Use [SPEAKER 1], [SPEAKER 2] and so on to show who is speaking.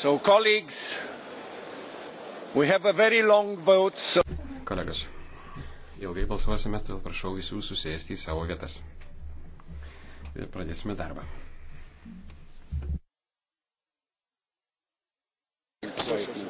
[SPEAKER 1] So, colleagues, we have a very long vote. So...
[SPEAKER 2] Kolegos, ilgai balsuosime, todėl prašau visų susėsti į savo vietas. Ir pradėsime darbą. So it is